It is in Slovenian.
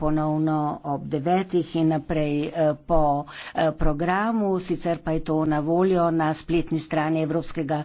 ponovno ob devetih in naprej eh, po eh, programu, sicer pa je to na voljo na spletni strani Evropskega.